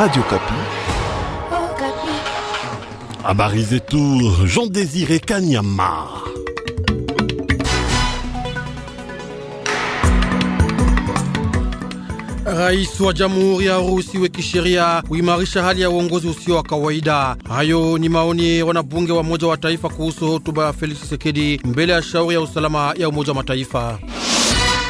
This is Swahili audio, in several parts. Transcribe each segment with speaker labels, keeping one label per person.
Speaker 1: Radio Capi. Habari
Speaker 2: zetu Jean Désiré Kanyama. Rais wa Jamhuri ya Urusi we kisheria huimarisha hali ya uongozi usio wa kawaida. Hayo ni maoni wanabunge wa moja wa Taifa kuhusu hotuba ya Felix Tshisekedi mbele ya shauri ya usalama ya Umoja wa Mataifa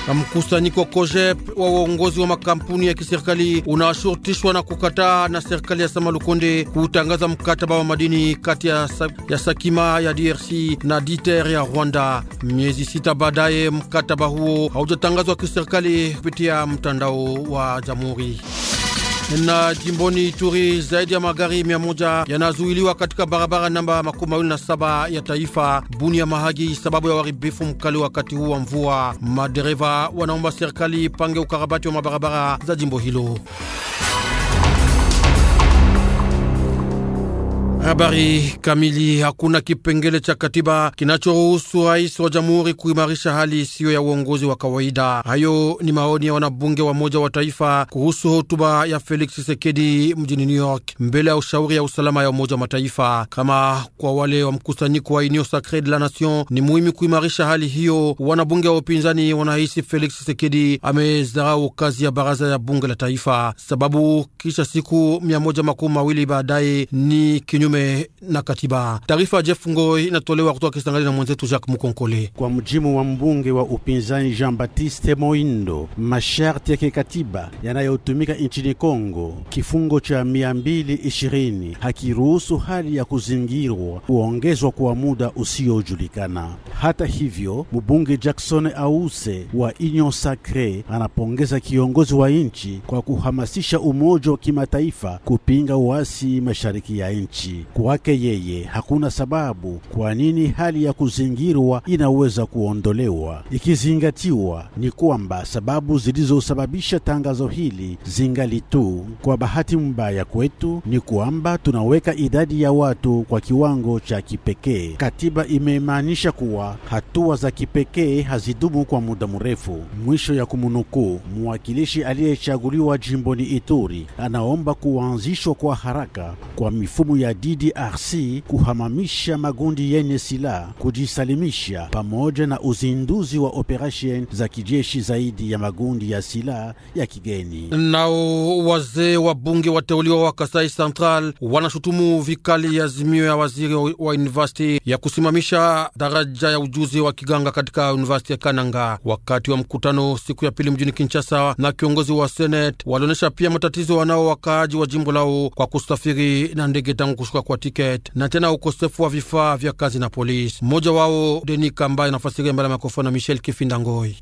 Speaker 2: na Mkusanyiko Kojep wa uongozi wa makampuni ya kiserikali unashurutishwa na kukataa na serikali ya Samalukonde kutangaza mkataba wa madini kati ya, sa, ya Sakima ya DRC na Diter ya Rwanda. Miezi sita baadaye, mkataba huo haujatangazwa kiserikali kupitia mtandao wa jamhuri. Na jimboni Ituri, zaidi ya magari mia moja yanazuiliwa katika barabara namba makumi mawili na saba ya taifa buni ya Mahagi sababu ya uharibifu mkali wakati huu wa mvua. Madereva wanaomba serikali pange ukarabati wa mabarabara za jimbo hilo. habari kamili. Hakuna kipengele cha katiba kinachoruhusu rais wa jamhuri kuimarisha hali isiyo ya uongozi wa kawaida. Hayo ni maoni ya wanabunge wa moja wa taifa kuhusu hotuba ya Felix chisekedi mjini New York mbele ya ushauri ya usalama ya Umoja wa Mataifa. Kama kwa wale wa mkusanyiko wa Union Sacre de la Nation, ni muhimu kuimarisha hali hiyo. Wanabunge wa upinzani wanahisi Felix Tshisekedi amezarau kazi ya baraza ya bunge la taifa, sababu kisha siku mia moja makumi mawili baadaye ni kinyume na katiba. Taarifa ya Jeff Ngoi inatolewa kutoka Kisangani na mwenzetu Jacques Mukonkole. Kwa mjimu wa mbunge wa
Speaker 1: upinzani Jean Baptiste Moindo, masharti ya kikatiba yanayotumika nchini Kongo, kifungo cha 220 hakiruhusu hali ya kuzingirwa kuongezwa kwa muda usiojulikana. Hata hivyo, mbunge Jackson Ause wa Union Sacre anapongeza kiongozi wa nchi kwa kuhamasisha umoja wa kimataifa kupinga uasi mashariki ya nchi. Kwake yeye hakuna sababu kwa nini hali ya kuzingirwa inaweza kuondolewa, ikizingatiwa ni kwamba sababu zilizosababisha tangazo hili zingali tu. Kwa bahati mbaya kwetu ni kwamba tunaweka idadi ya watu kwa kiwango cha kipekee. Katiba imemaanisha kuwa hatua za kipekee hazidumu kwa muda mrefu. Mwisho ya kumunukuu, Mwakilishi aliyechaguliwa jimboni Ituri anaomba kuanzishwa kwa haraka kwa mifumo ya di DDRC kuhamamisha magundi yenye silaha kujisalimisha, pamoja na uzinduzi wa operation za kijeshi zaidi ya magundi ya silaha ya kigeni.
Speaker 2: Nao wazee wa bunge wateuliwa wa Kasai Central wanashutumu vikali ya azimio ya waziri wa university ya kusimamisha daraja ya ujuzi wa kiganga katika university ya Kananga wakati wa mkutano siku ya pili mjini Kinshasa na kiongozi wa Senate walionyesha pia matatizo wanao wakaaji wa jimbo lao kwa kusafiri na ndege tangu kushuka kutoka kwa tiketi na tena ukosefu wa vifaa vya kazi na polisi. Mmoja wao Deni Kamba anafasiria mbele ya mikrofoni na Michel Kifinda
Speaker 3: Ngoi.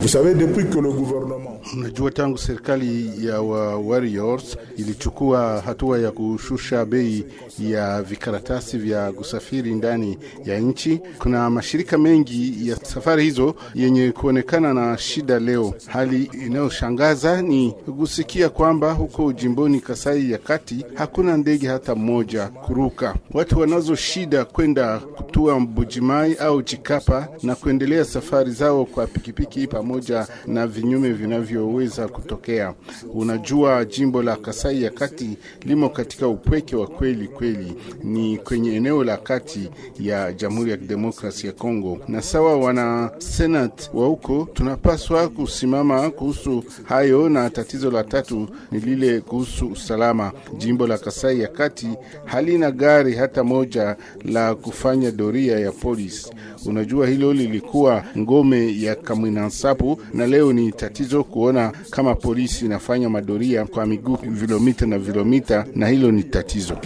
Speaker 3: Mnajua, tangu serikali ya wa Warriors ilichukua hatua ya kushusha bei ya vikaratasi vya kusafiri ndani ya nchi, kuna mashirika mengi ya safari hizo yenye kuonekana na shida leo. Hali inayoshangaza ni kusikia kwamba huko jimboni Kasai ya kati hakuna ndege hata mmoja kuruka Watu wanazo shida kwenda kutua Mbujimai au Chikapa na kuendelea safari zao kwa pikipiki pamoja na vinyume vinavyoweza kutokea. Unajua, jimbo la Kasai ya kati limo katika upweke wa kweli kweli, ni kwenye eneo la kati ya Jamhuri ya Kidemokrasi ya Kongo, na sawa wana senat wa huko, tunapaswa kusimama kuhusu hayo. Na tatizo la tatu ni lile kuhusu usalama. Jimbo la Kasai ya kati halina gari gari hata moja la kufanya doria ya polisi. Unajua, hilo lilikuwa ngome ya Kamwinansapu, na leo ni tatizo kuona kama polisi inafanya madoria kwa miguu vilomita na vilomita, na hilo ni tatizo.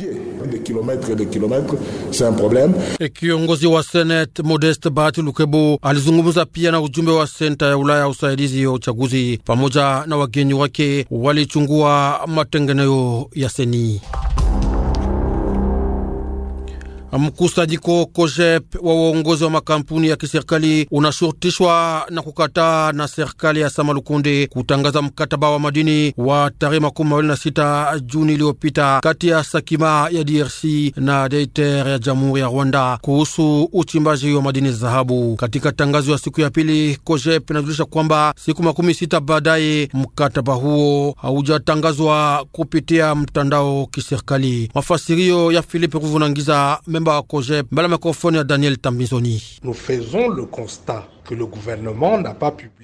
Speaker 2: E, kiongozi wa Senate Modeste Bahati Lukebo alizungumza pia na ujumbe wa senta ya Ulaya ya usaidizi ya uchaguzi pamoja na wageni wake walichungua matengenezo ya seni. Mkusanyiko Kojep wa uongozi wa makampuni ya kiserikali unashurutishwa na kukataa na serikali ya Samalukunde kutangaza mkataba wa madini wa tarehe makumi mawili na sita Juni iliyopita kati ya Sakima ya DRC na Deiter ya Jamhuri ya Rwanda kuhusu uchimbaji wa madini za dhahabu. Katika tangazo ya siku ya pili, Kojep inajulisha kwamba siku makumi sita baadaye mkataba huo haujatangazwa kupitia mtandao kiserikali. Mafasirio ya Philipe Ruvunangiza Nous faisons le constat.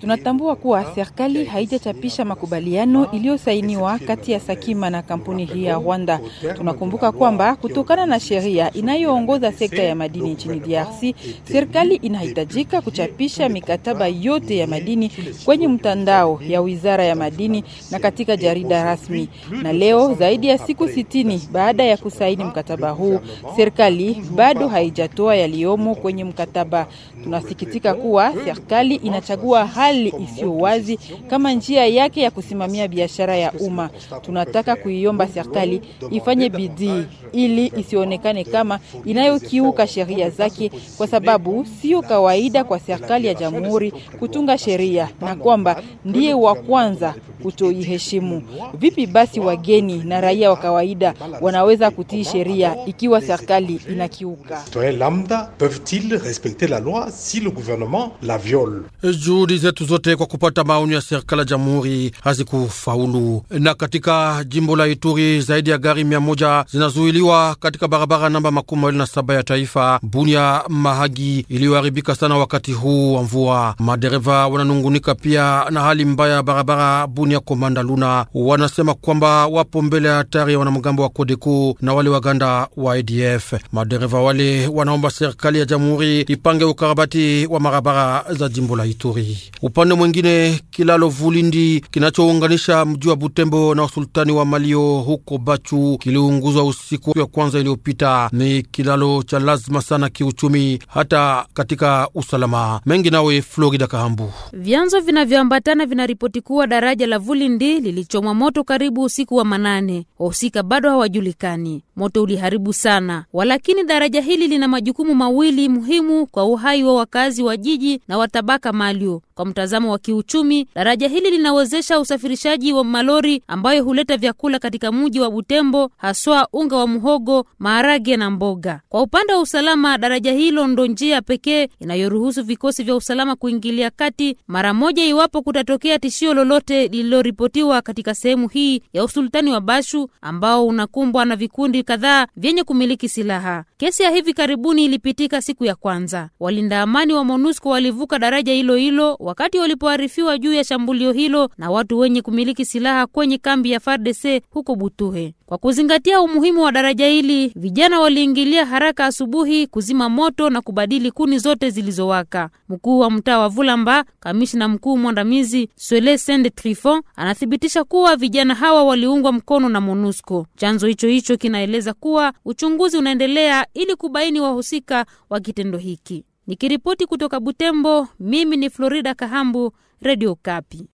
Speaker 4: Tunatambua kuwa ah, serikali haijachapisha makubaliano iliyosainiwa kati ya Sakima na kampuni hii ya Rwanda. Tunakumbuka kwamba kutokana na sheria inayoongoza sekta ya madini nchini DRC, serikali inahitajika kuchapisha mikataba yote ya madini kwenye mtandao ya Wizara ya Madini na katika jarida rasmi. Na leo zaidi ya siku sitini baada ya kusaini mkataba huu, serikali bado haijatoa yaliyomo kwenye mkataba. Tunasikitika kuwa serikali inachagua hali isiyo wazi kama njia yake ya kusimamia biashara ya umma. Tunataka kuiomba serikali ifanye bidii ili isionekane kama inayokiuka sheria zake, kwa sababu sio kawaida kwa serikali ya jamhuri kutunga sheria na kwamba ndiye wa kwanza kutoiheshimu. Vipi basi wageni na raia wa kawaida wanaweza kutii sheria ikiwa serikali inakiuka?
Speaker 1: lambda peuvent-ils respecter la loi si le gouvernement la viol.
Speaker 2: Juhudi zetu zote kwa kupata maoni ya serikali ya jamhuri hazikufaulu. Na katika jimbo la Ituri zaidi ya gari mia moja zinazuiliwa katika barabara namba makumi mawili na saba ya taifa Bunia Mahagi iliyoharibika sana wakati huu wa mvua. Madereva wananungunika pia na hali mbaya ya barabara Bunia Komanda Luna. Wanasema kwamba wapo mbele ya hatari ya wanamgambo wa Kodeko na wale Waganda wa ADF. Madereva wale wanaomba serikali ya jamhuri ipange ukarabati wa barabara za jimbo la Ituri. Upande mwengine, kilalo Vulindi kinachounganisha mji wa Butembo na usultani wa Malio huko Bachu kiliunguzwa usiku ya kwanza iliyopita. Ni kilalo cha lazima sana kiuchumi, hata katika usalama mengi. Nawe Florida Kahambu,
Speaker 5: vyanzo vinavyoambatana vinaripoti kuwa daraja la Vulindi lilichomwa moto karibu usiku wa manane. Wahusika bado hawajulikani. Moto uliharibu sana, walakini daraja hili lina majukumu mawili muhimu kwa uhai wa wakazi wa jiji na watabaka malio. Kwa mtazamo wa kiuchumi, daraja hili linawezesha usafirishaji wa malori ambayo huleta vyakula katika mji wa Butembo, haswa unga wa muhogo, maharage na mboga. Kwa upande wa usalama, daraja hilo ndo njia pekee inayoruhusu vikosi vya usalama kuingilia kati mara moja iwapo kutatokea tishio lolote lililoripotiwa katika sehemu hii ya usultani wa Bashu ambao unakumbwa na vikundi kadhaa vyenye kumiliki silaha. Kesi ya hivi karibuni ilipitika siku ya kwanza. Walinda amani wa MONUSCO walivuka daraja hilo hilo wakati walipoarifiwa juu ya shambulio hilo na watu wenye kumiliki silaha kwenye kambi ya FARDC huko Butuhe. Kwa kuzingatia umuhimu wa daraja hili, vijana waliingilia haraka asubuhi kuzima moto na kubadili kuni zote zilizowaka. Mkuu wa mtaa wa Vulamba, kamishna mkuu mwandamizi Swele Sende Trifon, anathibitisha kuwa vijana hawa waliungwa mkono na MONUSCO. Chanzo hicho hicho kinaeleza kuwa uchunguzi unaendelea ili kubaini wahusika wa kitendo hiki. Nikiripoti kutoka Butembo, mimi ni Florida Kahambu, Radio Kapi.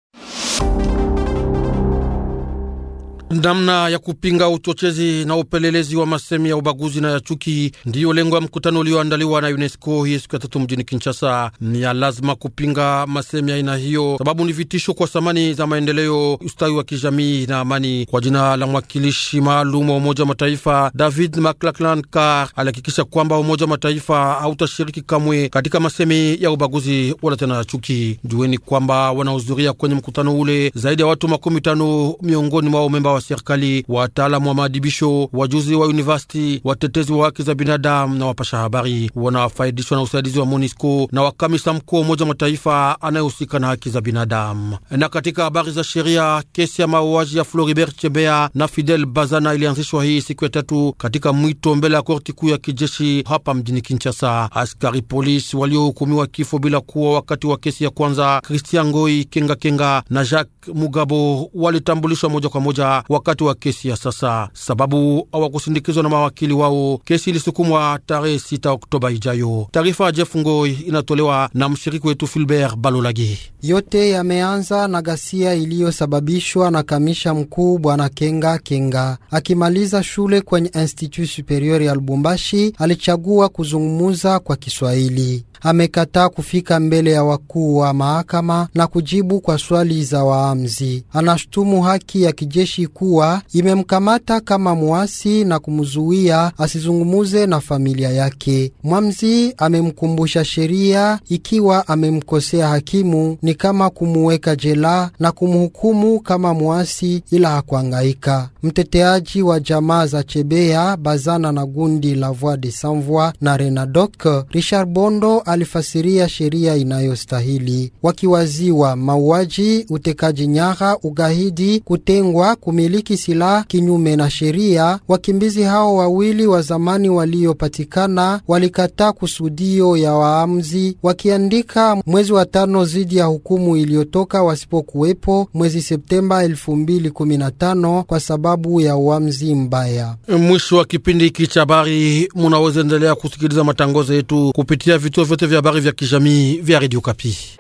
Speaker 2: Namna ya kupinga uchochezi na upelelezi wa masemi ya ubaguzi na ya chuki ndiyo lengo ya mkutano ulioandaliwa na UNESCO hii siku ya tatu mjini Kinshasa. Ni ya lazima kupinga masemi aina hiyo, sababu ni vitisho kwa thamani za maendeleo, ustawi wa kijamii na amani. Kwa jina la mwakilishi maalum wa Umoja wa Mataifa David McLachlan Carr alihakikisha kwamba Umoja wa Mataifa hautashiriki kamwe katika masemi ya ubaguzi wala tena ya chuki. Jueni kwamba wanahudhuria kwenye mkutano ule zaidi ya watu makumi tano miongoni mwao memba wa serikali, wataalamu wa maadibisho, wajuzi wa universiti, watetezi wa haki za binadamu na wapasha habari wanafaidishwa na usaidizi wa MONISCO na wakamisa mkuu wa Umoja wa Mataifa anayehusika na haki za binadamu. Na katika habari za sheria, kesi ya mauaji ya Floribert chebea na Fidel Bazana ilianzishwa hii siku ya tatu katika mwito mbele ya korti kuu ya kijeshi hapa mjini Kinshasa. Askari polisi waliohukumiwa kifo bila kuwa wakati wa kesi ya kwanza Christian Ngoi Kenga Kenga na Jacques Mugabo walitambulishwa moja kwa moja wakati wa kesi ya sasa, sababu hawakusindikizwa na mawakili wao. Kesi ilisukumwa tarehe 6 Oktoba ijayo. Taarifa ya Jeff Ngoi inatolewa na mshiriki wetu Filbert Balolagi.
Speaker 6: Yote yameanza na ghasia iliyosababishwa na kamisha mkuu bwana Kenga Kenga akimaliza shule kwenye Institut Superior ya Lubumbashi. Alichagua kuzungumuza kwa Kiswahili amekataa kufika mbele ya wakuu wa mahakama na kujibu kwa swali za waamzi. Anashutumu haki ya kijeshi kuwa imemkamata kama mwasi na kumzuia asizungumuze na familia yake. Mwamzi amemkumbusha sheria, ikiwa amemkosea hakimu ni kama kumuweka jela na kumhukumu kama mwasi ila hakuangaika. Mteteaji wa jamaa za Chebea Bazana na gundi la Voix des Sans Voix na Renadoc Richard Bondo alifasiria sheria inayostahili wakiwaziwa mauaji, utekaji nyara, ugaidi, kutengwa, kumiliki silaha kinyume na sheria. Wakimbizi hao wawili wa zamani waliopatikana walikataa kusudio ya waamuzi, wakiandika mwezi wa tano zidi ya hukumu iliyotoka wasipokuwepo mwezi Septemba 2015 kwa sababu ya uamuzi mbaya.
Speaker 2: Mwisho wa kipindi hiki cha habari, munaweza endelea kusikiliza matangazo yetu kupitia vituo via barry via Kijami, via Radio Capi.